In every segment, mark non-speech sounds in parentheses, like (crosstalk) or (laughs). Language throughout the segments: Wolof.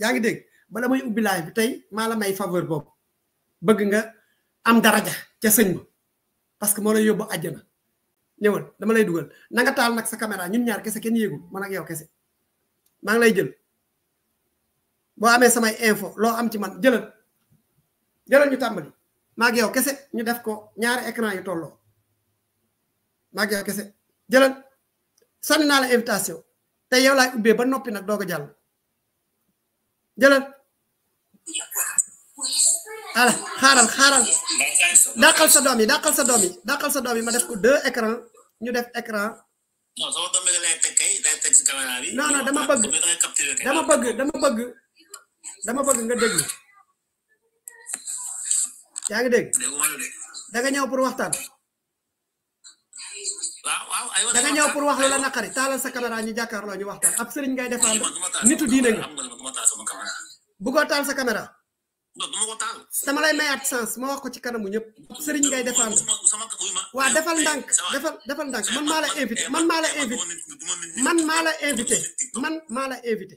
yaa ngi dégg bala muy ubbi laay bi tey maa la may faveur boobu bëgg nga am daraja ca sëñ ba parce que moo lay yóbbu àjjana ñëwal dama lay dugal na nga taal nag sa caméra ñun ñaar kese kenn yéegul man ak yow kese maa ngi lay jël boo amee samay info loo am ci man jëlal jëlal ñu tàmbali maa ak yow kese ñu def ko ñaari écran yu tolloo maa ak yow kese jëlal sànni naa la invitation te yow laay ubbee ba noppi nag jalan ala xaaral xaaral dakal sa domi dakal sa domi dakal sa domi ma def ko deux écran ñu def écran non sama domi lay tek kay day tek ci caméra bi non non dama bëgg dama bëgg dama bëgg dama bëgg nga dégg yaa ngi dégg da nga ñëw pour waxtaan waaw waaw ay da ñëw pour wax loola naqari taalal sa caméra ñu jàkkaarloo ñu waxtaan ab sëriñ ngay défendre nitu diine nga bu ko taal sa caméra. sama lay mayaat sens ma wax ko ci kanamu ñëpp sëriñ ngay défendre waa defal ndànk defal defal ndànk man maa la invité man maa la invité man maa la invité man maa la invité.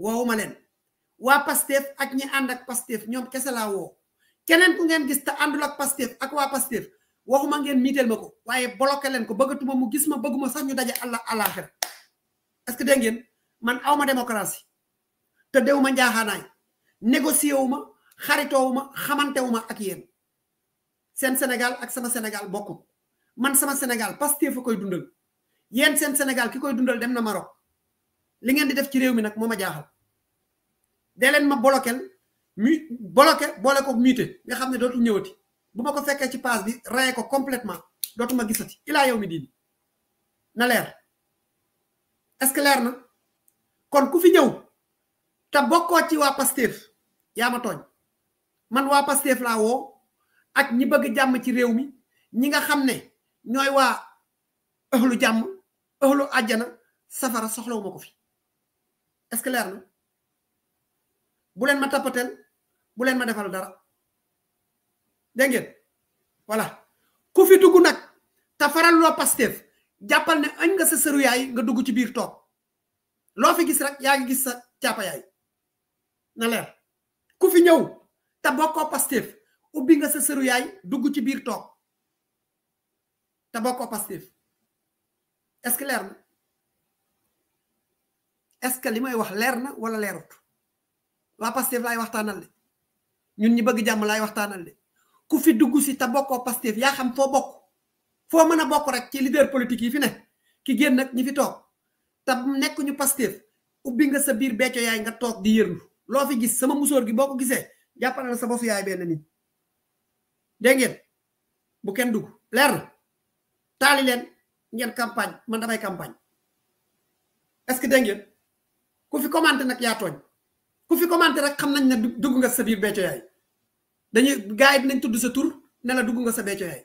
woowuma leen wa Pastef ak ñi and ak Pastef ñom kese la wo kenen ku ngeen gis ta andul ak Pastef ak wa Pastef waxuma ngeen mitel mako ko bloqué len ko bëggatuma mu gis ma bëgguma sax ñu daje àlla àllaaxira est-ce que dégg man awma démocratie te dewuma njaaxaanaay négocié wuma xarito wuma xamanté wuma ak yeen sen Sénégal ak sama Sénégal bokku man sama Sénégal Pastef koy dundal yeen sen Sénégal ki koy dundal dem na Maroc li ngeen di def ci réew mi nag moo ma jaaxal dee leen ma bolokel mu boloke boole ko muté nga xam ne dootul ñëwati bu ma ko fekkee ci paas bi raye ko complètement dootuma gisati ilaa yow mi diin na leer est-ce que leer na kon ku fi ñëw te bokkoo ci waa Pastef yaa ma tooñ man waa Pastef laa woo ak ñi bëgg jàmm ci réew mi ñi nga xam ne ñooy waa ëxlu jàmm ëxlu àjjana safara soxlawuma ko fi est-ce que na bu leen ma tappateel buleen ma defal dara dégg ngeen voilà ku fi dugg nag te faral loo Pastef jàppal ne añ nga sa sëru yaay nga dugg ci biir toog loo fi gis rek yaa ngi gis sa caapa yaay na leer ku fi ñëw te bokkoo Pastef ubbi nga sa sëru yaay dugg ci biir toog te bokkoo Pastef est-ce que na est ce que li wax leer na wala leerut waa Pastef lay waxtaanal de ñun ñi bëgg jàmm lay waxtaanal de ku fi dugg si ta bokkoo Pastef yaa xam foo bokk foo mën a bokk rek ci leader politique yi fi ne ki génn nag ñi fi toog te nekk ñu Pastef ubbi nga sa biir becco yaay nga toog di yërlu loo fi gis sama musóor gi boo ko gisee jàppal na sa bosu yaay benn nit dégg ngeen bu kenn dugg leer na taali leen ngeen campagne man damay campagne est ce que dégg ngeen ku fi commenté nag yaa tooñ ku fi commenté rek xam nañ ne dugg nga sa biir becco yaay dañuy gars yi dinañ tudd sa tur ne dugg nga sa becco yaay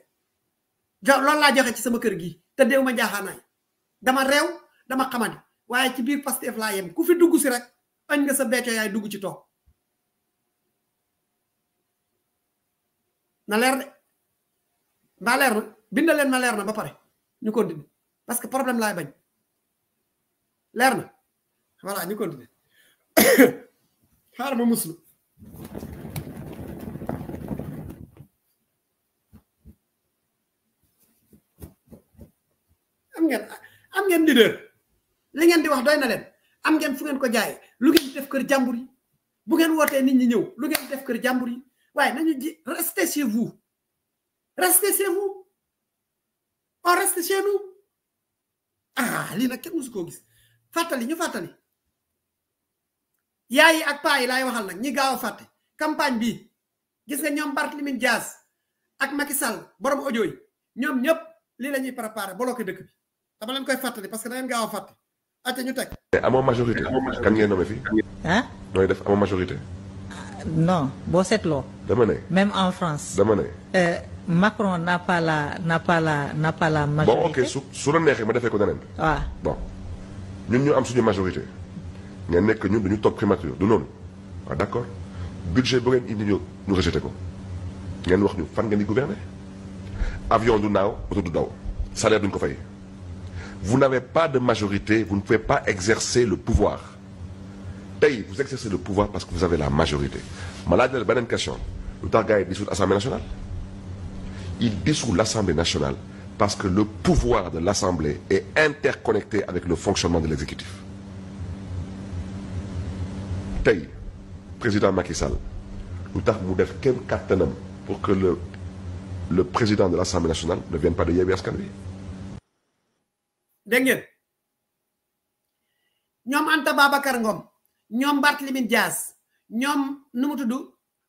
loolu laa joxe ci sama kër gi te déew ma jaaxaanaay dama reew dama xamadi waaye ci biir Pastef laa yem ku fi dugg si rek añ nga sa becco yaay dugg ci toog na leer de mbaa leer na binda leen ma leer na ba pare ñu ko di parce que problème laay bañ leer na voilà ñu continuer (coughs) xaaral ma muslu am ngeen am ngeen leader li ngeen di wax doy na leen am ngeen fu ngeen ko jaay lu ngeen def kër jàmbur yi bu ngeen wootee nit ñu ñëw lu ngeen def kër jàmbur yi waaye nañu ji restez chez vous restez chez reste chez nous ah lii nag kenn koo gis fàttali ñu fàttali yaay ak pa yi lay waxal nak ñi gaaw faté campagne bi gis nga ñoom Barthélémy Dias ak Macky Sall borom audio yi ñom ñep li lañuy préparer bloqué dëkk bi dama leen koy fàttali parce que da ngeen gaaw faté até ñu tek amo majorité kan ngeen nomé fi hein noy def amo majorité. Ah, non bo boo lo dama né même en France. dama né euh Macron n'a pas la n'a pas la n'a pas la majorité. bon ok su la nexé ma défé ko dañen waaw bon ñun ñu am suñu majorité. nga nekk ñun dañu toog primature du noonu waaw ah, d' accord budget bu ngeen indi ñu ñu rejeté ko ngeen wax ñu fan ngeen di gouverner avion du naaw oto du daw salaire duñ ko fay vous n'avez pas de majorité vous ne pouvez pas exercer le pouvoir tey vous exercez le pouvoir parce que vous avez la majorité ma laaj la beneen question lu tax gars yi dissout assemblée nationale il dissout l'assemblée nationale parce que le pouvoir de l'assemblée est interconnecté avec le fonctionnement de l'exécutif tay président Macky Sall lu tax mu def kenn pour que le le président de l'Assemblée nationale ne vienne pas de Yewwi Askan Wi. dégg Anta Baba Ngom ñom Barthélémy Dias ñom numu mu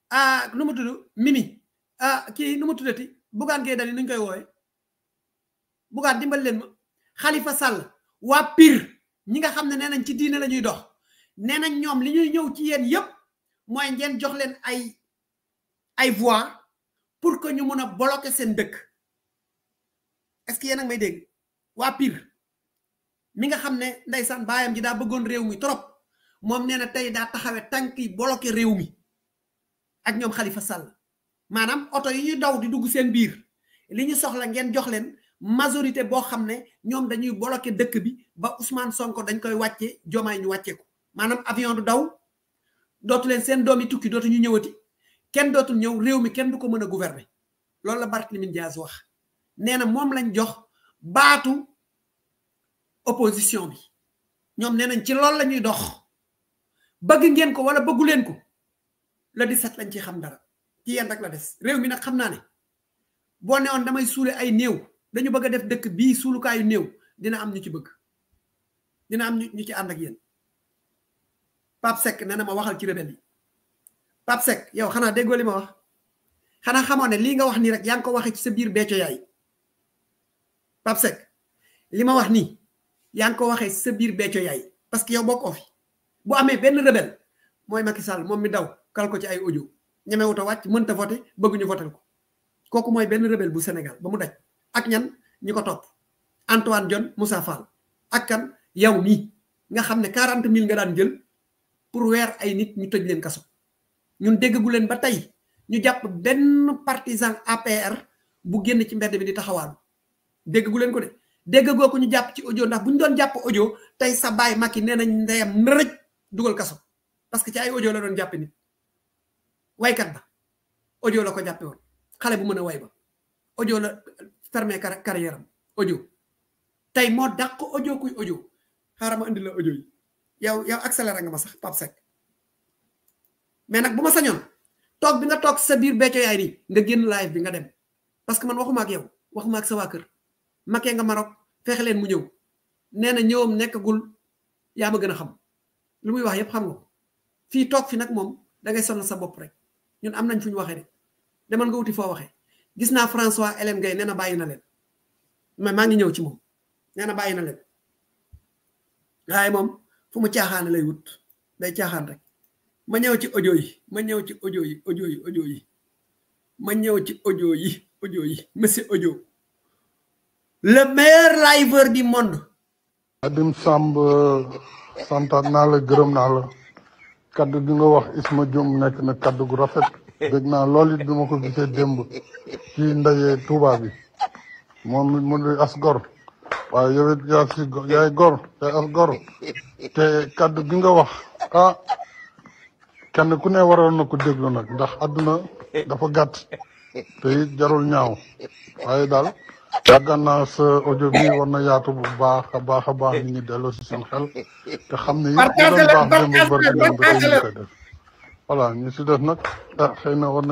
ah numu Mimi qui ah, ki numu tuddati bugan Gueye Dany koy woowe Bougane dimbal leen ma Khalifa Sall wa Pire ñi nga nenañ ci diine lañuy nee nañ ñoom li ñuy ñëw ci yéen yépp mooy ngeen jox leen ay ay voix pour que ñu mun a bloquer seen dëkk est-ce que yéen may dégg waa piir mi nga xam ne ndeysaan baayam ji daa bëggoon réew mi trop moom nee na tey daa taxawe tànk yi bloquer réew mi ak ñoom xalifa Sall maanaam oto yi ñuy daw di dugg seen biir li ñu soxla ngeen jox leen majorité boo xam ne ñoom dañuy bloquer dëkk bi ba Ousmane Sonko dañ koy wàcce Diomaye ñu wàcce maanaam avion du daw dootu leen seen doom yi tukki dootu ñu ñëwati kenn dootul ñëw réew mi kenn du ko mën a gouverner loolu la Barthélémy Dias wax nee na moom lañ jox baatu opposition bi ñoom nee nañ ci loolu la ñuy dox bëgg ngeen ko wala bëggu leen ko le 17 lañ ci xam dara ki yéen rek la des réew mi nag xam naa ne boo newoon damay suule ay néew dañu bëgg a def dëkk bii suulukaayu néew dina am ñu ci bëgg dina am ñu ci ànd ak yéen pap Seck nee ma waxal ci rebel yi Pape Seck yow xana déggoo li ma wax xana xamone li nga wax ni rek yang ko waxe ci sa bir becco yaay pap Seck li ma wax ni yang ngi ko waxee sa bir becco yaay parce que yow boko fi bu amé ben rebel moy Macky Sall mom mi daw kal ko ci ay audio ñemewut a wàcc mënta voté bëgguñu votel ko koku moy ben rebel bu Sénégal ba mu daj ak ñan ñiko top Antoine John Moussa Fall ak kan yow mi nga xamne 40000 nga daan jël pour wer ay nit ñu tëj leen kasso ñun déggu leen ba tay ñu japp benn partisan APR bu génn ci mbedd bi di taxawal déggu leen ko de dégg ko ñu japp ci audio ndax buñ doon japp audio tay sa bay maki nee nañ ndeyam nërëj dugal kasso parce que ci ay audio la doon japp nit way kat ba audio la ko jappé won xalé bu mëna way ba audio la fermé carrière audio tay mo dakk audio kuy audio xaram ma indi la audio yi yow yow accélérer nga ma sax pap sec mais nak buma sañon tok bi nga tok sa bir beccay ay nga genn live bi nga dem parce que man waxuma ak yow waxuma ak sa wa keur maké nga Maroc fexe leen mu ñew néna ñewum ñëwam nekkagul ma gëna xam lu muy wax yépp xam nga fi tok fi nak mom da ngay sonna sa bop rek ñun am nañ fuñ waxé dé de demal nga wuti fo waxé gis na François Hélène gay néna bayina len ngi ñew ci mom néna bayina len mom fu mu caaxaane lay wut day caaxaan rek ma ñëw ci audio yi ma ñëw ci audio yi audio yi audio yi ma ñëw ci audio yi audio yi monsieur audio le meilleur liveur du monde adim samb santaat naa la gërëm naa la kaddu gi nga wax isma jom nekk na kaddu gu rafet dégg naa lool it bi ma ko gisee démb ci ndaje touba bi moom mu asgor waaye yow it yaa si yaay gor yaay as gor te kàddu gi nga wax ah kenn ku ne waroon na ko déglu nag ndax àdduna dafa gàtt te it jarul ñaaw waaye daal yàggan naa sa audio bi war na yaatu bu baax a baax a baax nit ñi delloo si seen xel te xam ne it ñu baax démb bër di démb koy def ñu si def nag ah xëy na war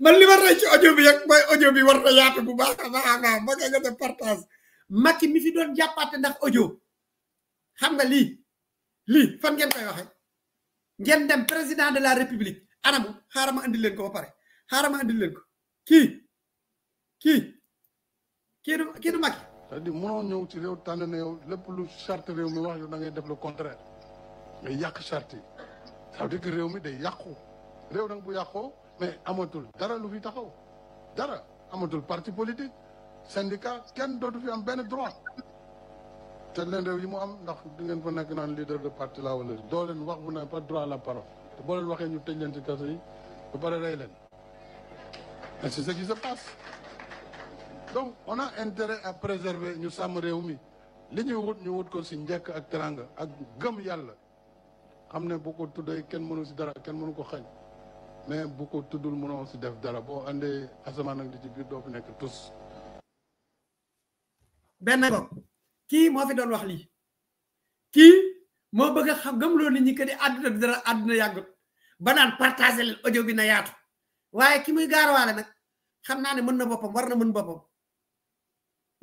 man li ma rey ci audio bi yeg mooy audio bi war na yaatu bu baax a baax a baax ma nga def partage Macky mi fi doon jàppaate ndax audio xam nga lii lii fan ngeen koy waxe ngeen dem président de la république anamu xaaral ma andil leen ko ba pare xaaral ma andil leen ko kii kii kii du kii du Macky c'est-à-dire mënoo ñëw ci réew tànn na yow lépp lu charte réew mi wax yow da ngay def le contraire ngay yàq charte yi ça veut dire que réew mi day yàqu réew nag bu yàqoo mais amatul dara lu fi taxaw dara amatul parti politique syndicat kenn dootu fi am benn droit te leen réew yi mu am ndax di ngeen fa nekk naan leader de parti la wala doo leen wax bu ne pas droit la parole te boo waxee ñu tëj leen ci kaso yi ba pare rey leen et c'est ce qui se passe donc on a intérêt à préserver ñu sàmm réew mi li ñuy wut ñu wut ko si njekk ak teranga ak gëm yàlla xam ne boo ko tuddee kenn mënu si dara kenn mënu ko xañ mais bu ko tuddul mënoo si def dara boo andee asamaan ak ci biir doo fi nekk tus. benn ko kii moo fi doon wax lii kii moo bëgg a xam gëmloo nit ñi que ni àdduna bi dara àdduna yàggut ba naan partagé leen audio bi na yaatu waaye ki muy gaarawaale nag xam naa ne mën na boppam war na mën boppam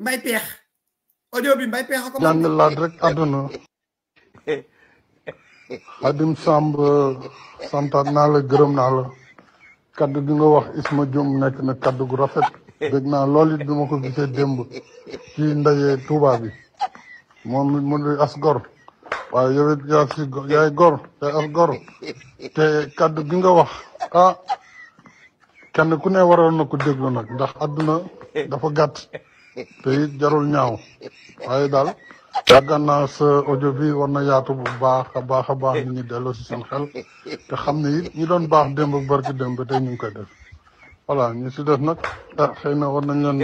mbay peex audio bi mbay peex ko. jàngal rek àdduna. (laughs) Xadim Samb santaat naa la gërëm naa la kaddu gi nga wax Isma Diom nekk na kaddu gu rafet dégg naa lool it bi ma ko gisee démb ci ndaje Touba bi moom it mu as gor waaye yow it yaa yaay gor yaay as gor te kaddu gi nga wax ah kenn ku ne waroon na ko déglu nag ndax àdduna dafa gàtt te it jarul ñaaw waaye daal yàggan naa sa audio bi war na yaatu bu baax a baax a baax nit ñi delloo xel te xam ne it ñi doon baax démb ak barki démb ba tey ñu ngi koy def voilà ñu si def nag ah xëy na war nañ leen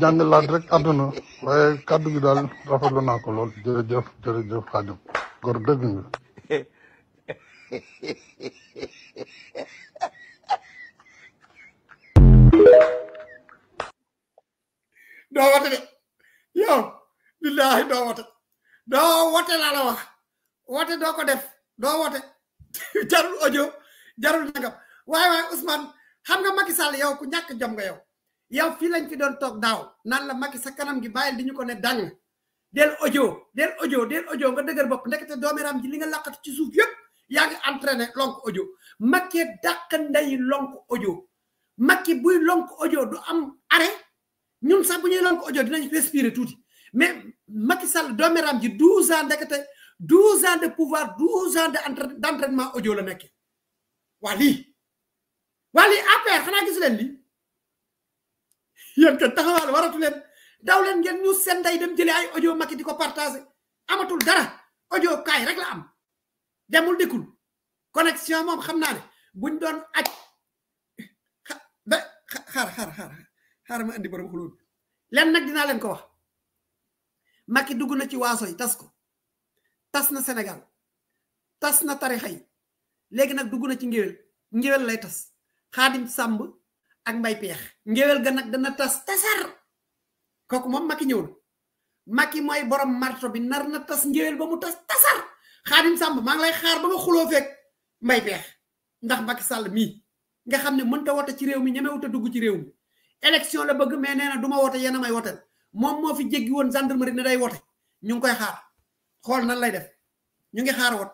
jàngalaat rek àdduna waaye kàddu gi daal rafetlu naa ko lool jërëjëf jërëjëf xaadim góor dëgg nga doo wax billaahi doo wote doo wote laa wax wote doo ko def doo wote (laughs) jarul audio jarul nagam waaye waaye Ousmane xam nga Macky Sall yow ku ñàkk jom nga yow yow fii lañ fi doon toog daaw naan la Macky sa kanam gi bàyyil di ñu ko ne dàng del audio del audio del audio nga dëgër bopp ndekete doomeram ji li nga làqatu ci suuf yëpp yaa ngi entraîné lonk audio Macky dàq nday lonk audio Macky buy lonk audio du am arrêt ñun sax bu ñuy lonk audio dinañ respirer tuuti mais Macky Sall dooméram ji 12 ans ndekete 12 ans de pouvoir 12 ans de entrain d' la nekkee waa lii waa lii APR xanaa gisu leen lii yéen kat taxawaal waratu leen daw leen ngeen ñu seen day dem jëlee ay audio Macky di ko partagé amatul dara audio kaay rek la am demul dikkul connexion moom xam naa ne buñ doon aj ba xaar xaar xaar ma andi borom xulóo lenn nag dinaa leen ko wax. Maki dugu na ci waso yi tas ko tas na senegal tas na tarikha yi legi nak dugg na ci ngewel ngewel lay tas khadim samb ak mbay ngewel ga nak dana tas tasar kooku mom maki ñewul maki moy borom marto bi nar na tas ngewel ba mu tas tasar khadim sambu mang ngi lay xaar ba ma xulo fek mbay peex ndax Macky Sall mi nga xamne mën ta wota ci rew mi ñame wota dugg ci rew mi election la bëgg mais neena na wota yena may moom moo fi jéggi ma gendarmerie ne day wote ñu ngi koy xaar xool nan lay def ñu ngi xaar wot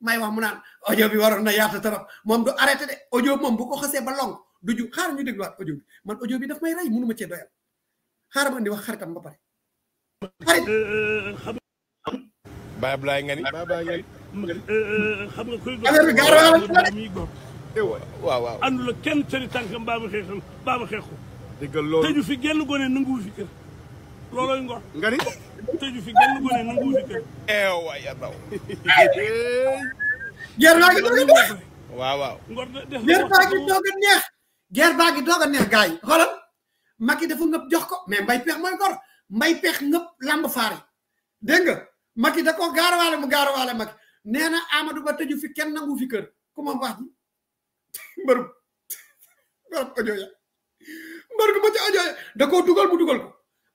may wax mu naan audio bi waroon na yaatu trop moom du arrêté de audio moom bu ko xasee ba long du ju xaar ñu dégluwaat audio bi man audio bi daf may rey mënu ma cee doyal xaar ma andi wax xaritam ba pare. xarit. Baye Ablaye nga ni. Baye Ablaye nga ni. xam nga kuy doon affaire bi gàllankoor eh waaw waaw. àndul la kenn sori tànk mbaam xeexam mbaam xeexu. dëgg loolu tëju fi genn gone nanguwu fi looloy ngor nga ni tëju fi genn gone nangu fi kër eh waay ya taw ger baa ngi doog a neex waaw waaw ngor ger baa ngi doog a neex ger baa ngi doog a neex gars yi xoolal Macky dafa ngëpp jox ko mais mbay peex mooy ngor mbay peex ngëpp lamb faare dégg nga Macky da ko gaarawaale mu gaarawaale Macky nee na Amadou Ba tëju fi kenn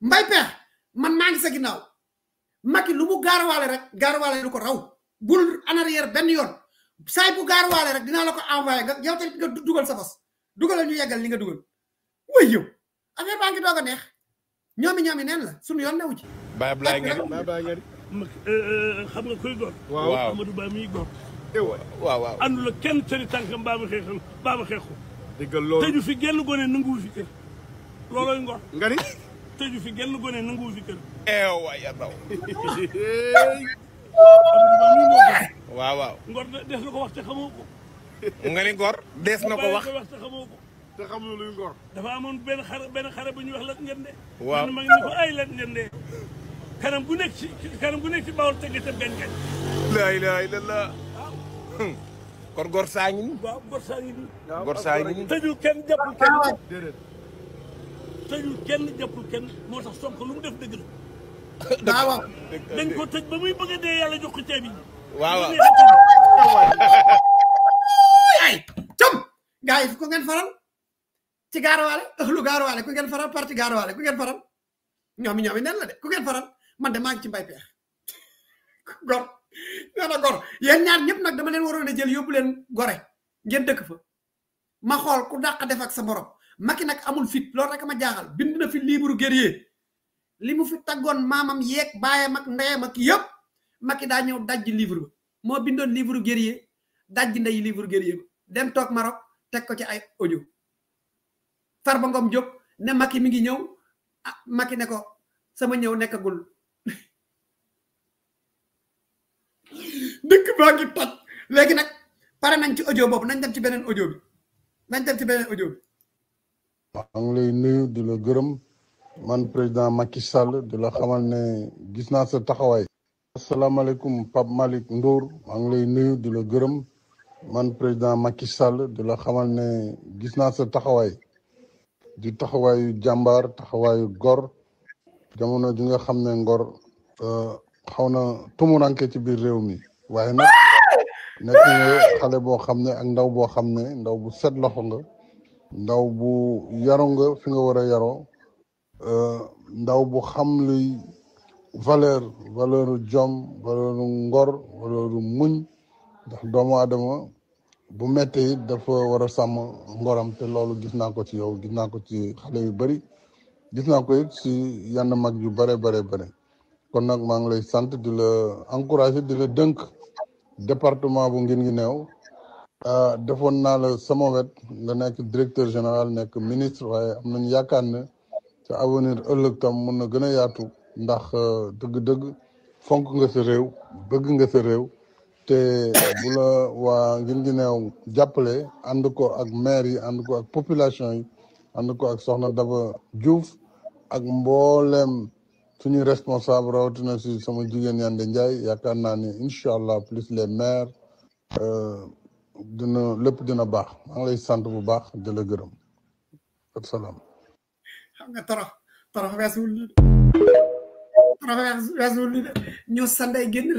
mbay peex man maa ngi sa ginnaaw Macky lu mu gaarawaale rek gaarawaale lu ko raw bul en arrière benn yoon saay bu gaarawaale rek dinaa la ko envoyé nga yow tamit nga dugal sa bos a ñu yeggal li nga dugal way yow affaire baa ngi doog a neex ñoomi ñoomi neen la suñu yoon newu ci Baye Ablaye Ngari xam nga koy góor waaw Ba eh, waaw waaw àndul ak kenn tëri tànkam baaba xeexal baaba xeexu dëggal loolu te ñu fi genn gone nanguwu fi kër loolooy ngor (laughs) tëju fi genn gone nanguwu fi kër. eh waay ya taw. (laughs) waaw waaw. ngor des na wax te xamoo ko. nga ni ngor. des na ko wax te xamoo ko. te xamoo dafa amoon benn xare benn xare bu ñuy wax lat ngeen de. kanam bu nekk ci bu nekk ci bawol tëgg te benn kañ. laa ilaaha illallaah. Hmm. kon gor saa ngi nii. gor saa ngi nii. gor saa kenn jàpp kenn. déedéet. tëjul kenn jàppul kenn moo tax Sonko lu mu def dëgg la. (coughs) waaw waaw dañ ko tëj ba muy bëgg a dee yàlla jox ko ceeb yi. waaw waaw (coughs) ay cam gaa yi ku ngeen faral ci gaaruwaale ëxlu (coughs) gaaruwaale ku ngeen faral parti gaaruwaale ku ngeen faral ñoomi ñoomi nen la de ku ngeen faral man de maa ngi ci mbay peex gor yen na ñaar ñëpp nag dama leen waroon da jël yóbbu leen gore ngeen dëkk fa ma xool ku daq def ak sa morom Macky nag amul fit loolu rek ma jaaxal bind na fi livre guerrier li mu fi taggoon maamam yeeg baayam ak ndeyam ak yëpp Macky daa ñëw dajj livre moo bindoon livre guerrier dajji ndey livre guerrier ba dem toog Maroc teg ko ci ay audio Farba ngoom Diop ne Macky mi ngi ñëw ah Macky ne ko sama ñëw nekkagul dëkk baa ngi pat léegi nag pare nañ ci audio boobu nañ dem ci beneen audio bi nañ dem ci beneen audio bi maa ngi lay nuyu di gërëm man président Macky Sall di la xamal ne gis naa sa taxawaay. asalaamaaleykum Pape Malick Ndour maa ngi lay nuyu di la gërëm man président Macky Sall di la xamal ne gis naa sa taxawaay di taxawaayu jàmbaar taxawaayu gor jamono ji nga xam ne ngor euh, xaw na tumuranke ci biir réew mi waaye nag nekk xale boo xam ne ak ndaw boo xam ne ndaw bu set loxo nga. ndaw bu yaru nga fi nga war a yaroo euh, ndaw bu xam luy valeur valeur jom valeur ngor valeur muñ ndax doomu aadama bu métte it dafa war a sàmm ngoram te loolu gis naa ko ci yow gis naa ko ci xale yu bari gis naa ko ci si mag yu bare bare bare kon nag maa ngi lay sant di la encourager di la dënk département bu ngin ngi neew Euh, defoon naa la sama wet nga nekk directeur général nekk ministre waaye am nañu yaakaar ne sa avenir ëllëg tam mun na gën a yaatu ndax euh, dëgg-dëgg fonk nga sa réew bëgg nga sa réew te bu la waa Guinguinéo jàppale ànd ko ak maire yi ànd ko ak population yi ànd ko ak soxna Daba Diouf ak mbooleem suñuy responsable rawatina si sama jigéen Yande Ndiaye yaakaar naa ni incha allah plus les maires euh, dina lépp dina baax maa ngi lay sant bu baax di la gërëm salaam. xam nga torox torox weesuwul nii de torox weesuwul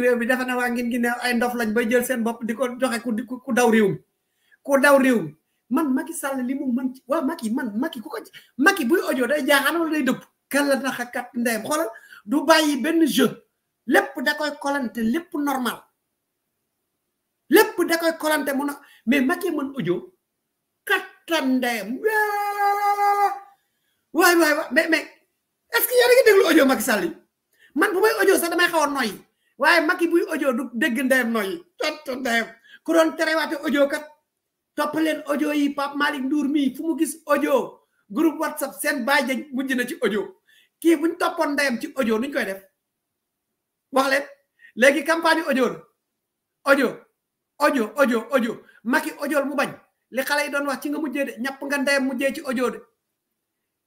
réew bi defe na waa ngeen ginnaaw ay ndof lañ bay jël seen bopp di ko joxe ku daw réew mi ku daw réew mi man Macky Sall li mu mën ci waaw man Macky ko Macky buy audio day jaaxaan wala day dëpp kala naxakat ndeyam xoolal du bàyyi benn jeu lépp da koy kolante lépp normal da koy kolante mu mais Macky mën audio kattan ndeyam way way waay mais mais est ce que yéen nga ngi déglu audio Macky Sall man bu may audio sax damay xaw noy waye Macky buy audio du dégg ndeyam noy tott ndeyam ku doon terewaate audio kat top len audio yi pap malik Ndour mi fu mu gis audio groupe whatsapp seen bàyyi mujj na ci audio ki buñ toppoon ndeyam ci audio nuñ koy def wax len léegi campagne audio audio audio audio audio Macky audio mu bañ li xale yi doon wax ci nga mujjee de ñàpp nga ndeyam mujjee ci ojo de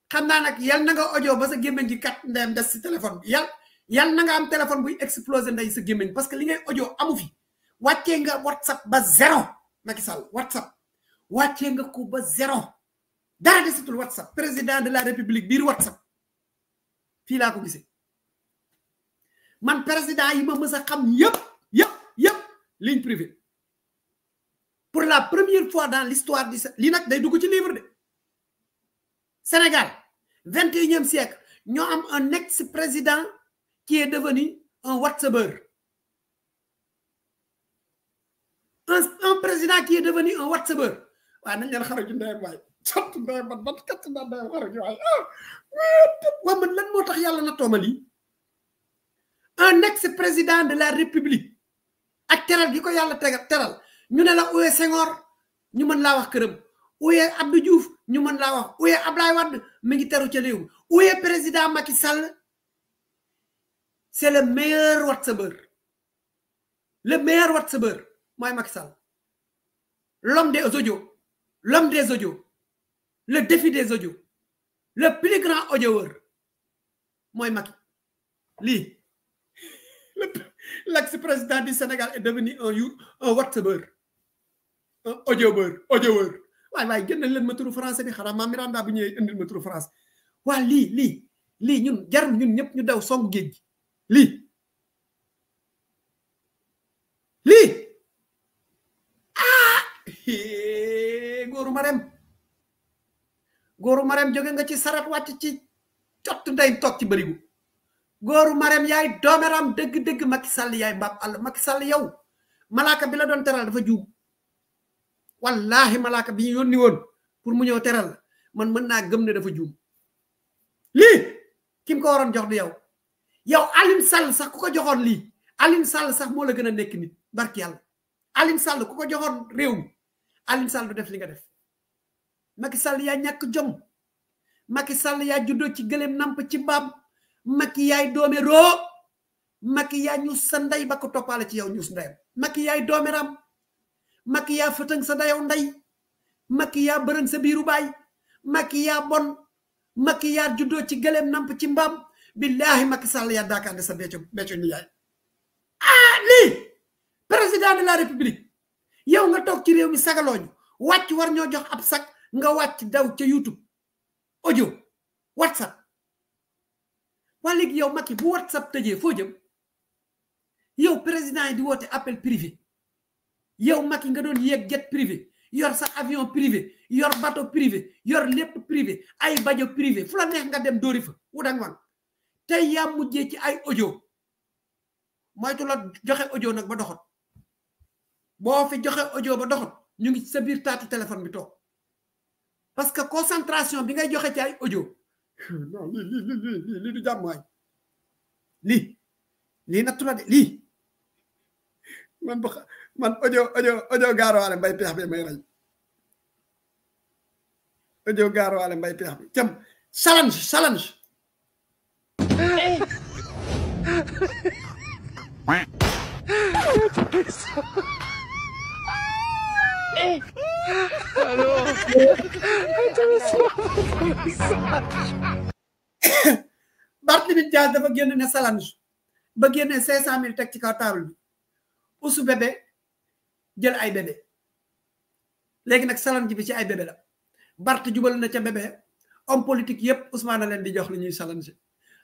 xam naa nag yal na nga audio ba sa gémmiñ gi kat ndeyam des si téléphone bi yal yal na nga am téléphone buy exploser nday sa gémmiñ parce que li ngay audio amu fi wàccee nga whatsapp ba zéro Macky Sall whatsapp wàccee nga ko ba zéro dara desitul whatsapp président de la république biir whatsapp fii laa ko gisee man président yi ma mës xam yëpp yëpp yëpp ligne privée pour la première fois dans l'histoire du lii day dugg ci livre de Sénégal 21e siècle ñu am un ex-président qui est devenu un whatsapper un un président qui est devenu un whatsapper wa nañ leen xaraju ndeyam waay sant ndeyam bat bat katt naa ndeyam xaraju waay ah man lan motax yalla na tooma un ex-président de la république ak téral gi ko yàlla ñu ne la uye Senghor ñu mën laa wax këram uye Abdou Diouf ñu mën laa wax uye Ablaye Wade mi ngi teru ca réew uye président Macky Sall c'est le meilleur WhatsAppeur le meilleur WhatsAppeur mooy Macky Sall l'homme des audios l'homme des audios le défi des audios le plus grand audioweur mooy Macky lii (laughs) l'ex-président du Sénégal est devenu un un WhatsAppeur audiobeur audiobeur waaye waaye génnal leen ma turu français bi xanaa maa Miranda bu ñëwee indil ma turu français waa lii lii lii ñun jar ñun ñëpp ñu daw songu géej gi lii lii ah góoru Marème góoru Marème jóge nga ci sarat wàcc ci cott day toog ci bërigu góoru Marème yaay doomeram dëgg-dëgg Macky Sall yaay mbaam àll Macky Sall yow malaaka bi la doon teral dafa juum wallaahi malaaka bi ñu woon pour mu ñëw teral la man mën naa gëm ne dafa juum lii ki mu ko waroon jox du yow yow Alioune Sall sax ku ko joxoon lii Alioune Sall sax moo la gën a nekk nit barki yàlla Alioune Sall ku ko joxoon réew mi Alioune Sall du def li nga def Macky Sall yaa ñàkk jom Macky Sall yaa juddoo ci gëléem namp ci mbaam ki yaay doome roo Macky yaa ñuus sa ndey ba ko toppaale ci yow ñuus ndeyam Macky yaay doome ram Makia fetang sa makia ndey Macky bereng sa biru bay Macky bon makia judo juddoo ci gëleem namp ci mbaam billahi Macky ya sa becho becho ni yaay ah li president de la republique yow nga tok ci réew mi sagalooñu wàcc war ñoo jox ab nga daw youtube ojo whatsapp walik léegi yow Macky bu whatsapp tëjee foo jëm yow président di wote appel privé yow Macky nga doon yéeg jet privé yor sa avion privé yor bateau privé yor lépp privé ay bajo privé fu la neex nga dem dóori fa wu wudang wang te yaa mujjee ci ay ojo moytu la joxe ojo nag ba doxot boo fi joxe audio ba doxot ñu ngi sa biir taatu téléphone bi toog parce que concentration bi ngay joxe ci ay ojo non lii lii lii lii du jàmmaay lii lii nattu la de lii man ba man audio audio audio gaaruwaale mbay peex bi may rey audio gaaruwaale mbay peex bi cam challenge challenge Barthélémy Dias dafa génn ne challenge ba génne cinq cent mille teg ci kaw table bi Oussou Bébé jël ay bébé légui nak salam ji bi ci ay bébé la Bart jubal na ci bébé homme politique yépp Ousmane a di jox li ñuy salan ji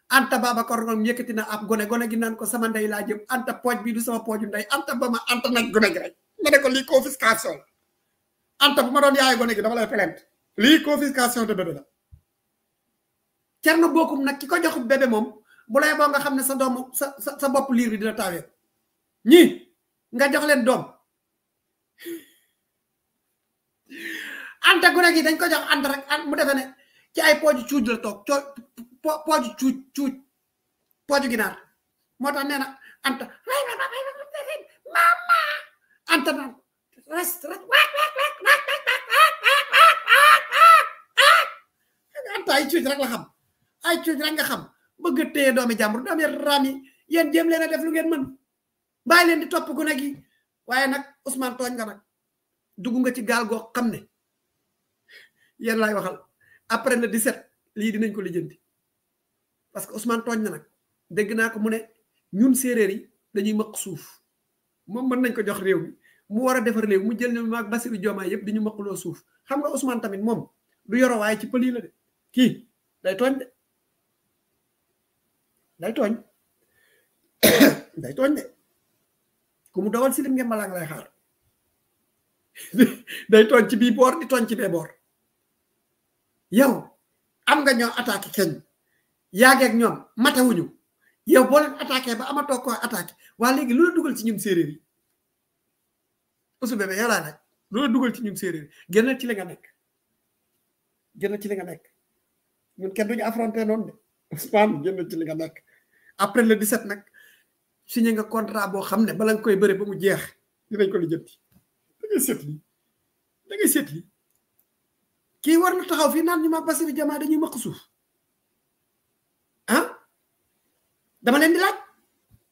Anta Babacar moom yëkëti na ab gone gone gi nan ko sama ndey la jëm Anta poj bi du sama poj ndey Anta bama Anta nak gone gi rek ma ne ko li confiscation Anta bu ma doon yaay gone gi dama lay plainte li confiscation de bébé la kerno bokum nak kiko jox bébé mom bu lay bo nga xam sa dom sa sa bop lire bi dina tawé ñi nga jox len dom anta guna gi dañ ko jox anta rek mu defa ne ci ay pooju cuuj la tok pooju cuuj cuuj pooju ginaar moo ma ma ma anta mama anta ma rest rest wak wak wak wak waak waak waak waak waak waak waak waak anta ay cuuj rek la xam ay cuuj rek nga xam bëgg téye doomi jàmbur doomi rami yéen jéem leen a def lu ngeen mën bàyyi leen di topp guna gi waaye nag Ousmane tooñ nga nag dugg nga ci gaal goo xam ne yéen laay waxal après le 17 lii dinañ ko lijjanti parce que Ousmane tooñ na nag dégg naa ko mu ne ñun séeréer yi dañuy maq suuf moom mën nañ ko jox réew mi mu war a defar réew mu jël ne maag Bassirou Diomaye yëpp di ñu suuf xam nga Ousmane tamit moom du yoro waaye ci pëlii la de kii day tooñ de day tooñ (coughs) day tooñ de ku mu si lim ngeen malaa ngi lay xaar (laughs) day tooñ ci bii boor di tooñ ci bee boor yow am nga ñoo attaqué kenn yaageeg ñoom matewuñu yow boo leen attaqué ba toog ko attaqué waa léegi lu la dugal ci ñun séeréer yi usu bébé yow nag lu la dugal ci ñun séeréer yi ci li nga nekk génnal ci li nga nekk ñun kenn duñu affronté noonu de Ousmane (laughs) génnal ci li nga nekk après le 17 nag signé nga contrat bo xamné ba bala nga koy bëre ba mu jeex dinañ ko lijjanti da ngay seet li da ngay seet li kii war na taxaw fi nan ñu ma basiru jamaa dañuy maq suuf han ah? dama leen di laaj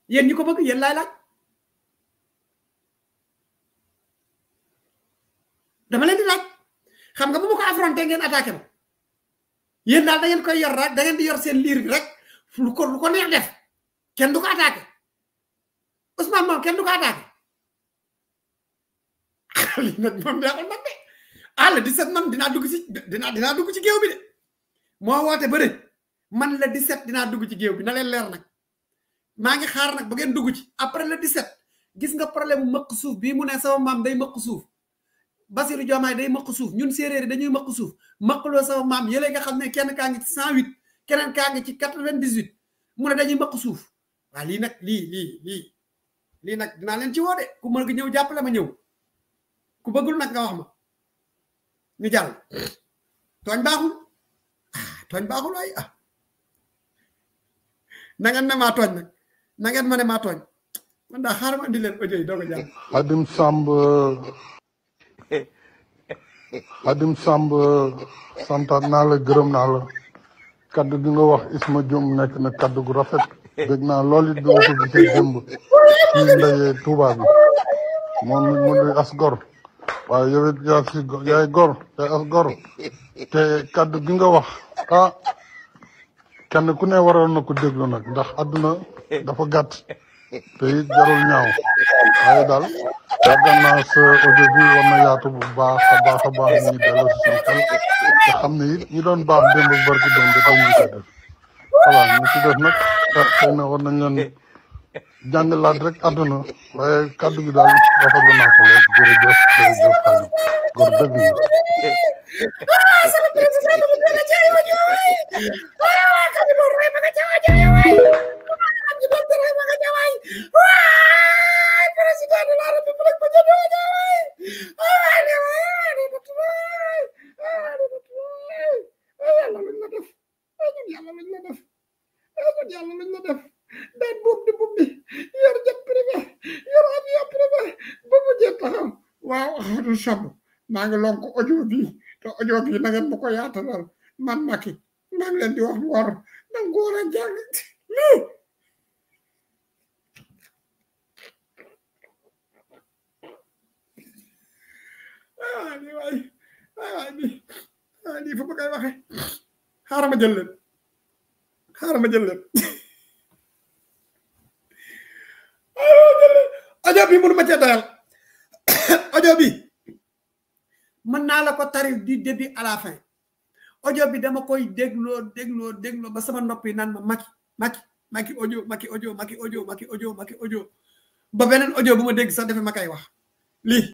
yeen ñi ko bëgg yeen lay laaj dama leen di laaj xam nga bu ma ko affronté ngeen attaqué ma yeen dal da ngeen koy yor rek da ngeen di yor seen lire rek lu ko lu ko neex def kenn du ko attaqué Ousmane moom kenn du ko attaqué lii nag moom neexul nag ma ah le 17 man dinaa dugg ci dinaa dinaa dugg ci géew bi de moo woote bëri man le 17 dinaa dugg ci géew bi na leen leer nag maa ngi xaar nag ba ngeen dugg ci après la 17 gis nga problème mu mëq suuf bii mu ne sama maam day mëq suuf Bassirou Diomaye day mëq suuf ñun séeréer yi dañuy mëq suuf mëqloo sama maam yële nga xam ne kenn kaa ngi ci 108 keneen kaa ngi ci 98 mu ne dañuy mëq suuf waaw lii nag lii lii li nak dina len ci woo ku mën ko ñëw jàppale ma ñëw ku bëggul nak nga wax ma ñu jall toñ baaxul ah baaxul ay ah na ngeen ne maa tooñ na ngeen ma ne maa tooñ man da xaar ma andi len audio do ko jall jàll. Samb Xadim Samb santa na la gërem na la kaddu gi nga wax Isma Diom nek na kaddu gu rafet dégg naa loolu it ko gisee ci ndaje Touba bi moom mu di as gor waaye yow it yaa yaay gor yaay as gor te kàddu gi nga wax ah kenn ku ne waroon na ko déglu nag ndax àdduna dafa gàtt te it jarul ñaaw waaye daal yàggal naa yaatu baax a baax a baax ñu delloo si seen xel te xam ne it ñi doon baax démb barki doon ba tey ñu ko def voilà ñu si na war jàngalaat rek àdduna waaye kàddu gi daal rafetlu naa ko lool jërëjëf jërëjëf Aliou góor dëgg yi. Yàlla lañ la lañ la def yàlla lañ la def daan buub di buub bi yor jet privé yor avion privé ba mu jee taxaw waaw Ahmadou Samb maa ngi lonk audio bii te audio bii na ngeen bu ko yaatalal man Macky maa leen di wax wor da nga ko war a jàng lii ah lii waay ah lii ah jël leen xaaral ma jël leen (coughs) audio bi mënu ma cee doyal (coughs) audio bi mën naa la ko tarif du début à la bi dama koy dégloo dégloo dégloo ba sama noppi naan ma maki maki maki audio maki audio maki audio maki audio maki audio ba beneen audio bu ma dégg sax dafa ma koy wax lii